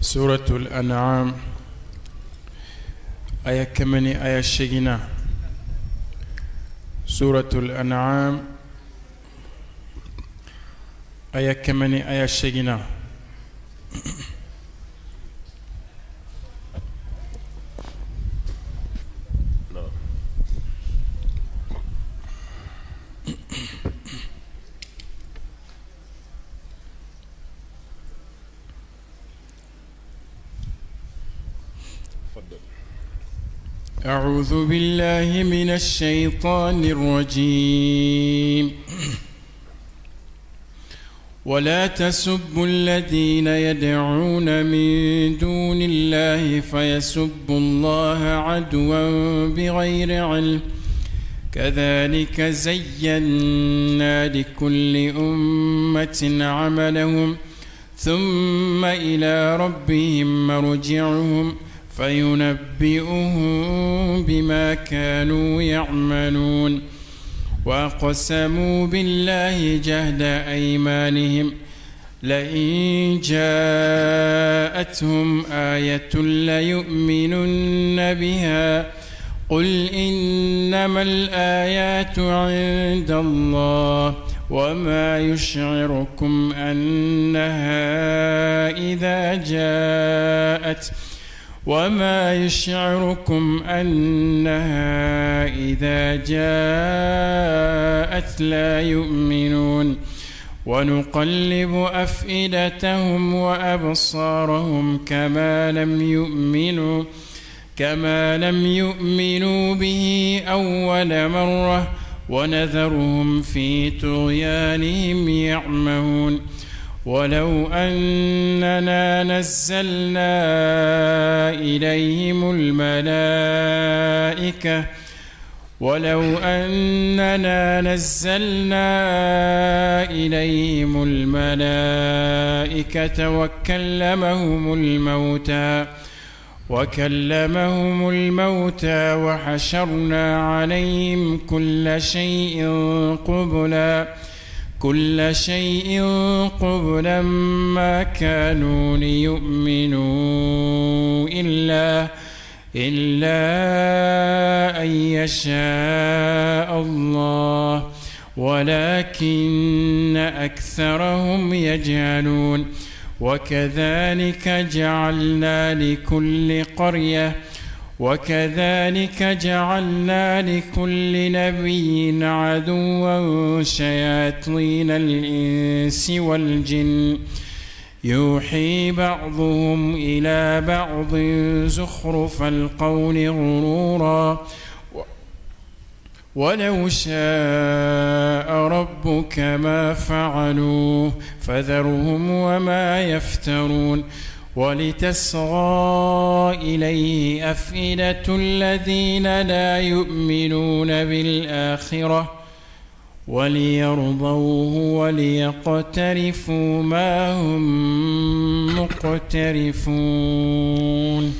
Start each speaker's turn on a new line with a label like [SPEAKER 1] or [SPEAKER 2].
[SPEAKER 1] سورة الأنعام آية كمني آية شجنا سورة الأنعام آية كمني آية شجنا
[SPEAKER 2] تفضل
[SPEAKER 1] أعوذ بالله من
[SPEAKER 2] الشيطان الرجيم ولا تسبوا الذين يدعون من دون الله فيسبوا الله عدوا بغير علم كذلك زينا لكل أمة عملهم ثم إلى ربهم مرجعهم ۖ فينبئهم بما كانوا يعملون وأقسموا بالله جهد أيمانهم لئن جاءتهم آية ليؤمنن بها قل إنما الآيات عند الله وما يشعركم أنها إذا جاءت وما يشعركم أنها إذا جاءت لا يؤمنون ونقلب أفئدتهم وأبصارهم كما لم يؤمنوا كما لم يؤمنوا به أول مرة ونذرهم في طغيانهم يعمهون ولو أننا نزلنا إليهم الملائكة ولو أننا نزلنا إليهم الملائكة وكلمهم الموتى وكلمهم الموتى وحشرنا عليهم كل شيء قبلاً كل شيء قبلا ما كانوا ليؤمنوا إلا إلا أن يشاء الله ولكن أكثرهم يجهلون وكذلك جعلنا لكل قرية وكذلك جعلنا لكل نبي عدوا شياطين الإنس والجن يوحي بعضهم إلى بعض زخرف القول غرورا ولو شاء ربك ما فعلوه فذرهم وما يفترون ولتصغى إليه أفئدة الذين لا يؤمنون بالآخرة وليرضوه وليقترفوا
[SPEAKER 1] ما هم مقترفون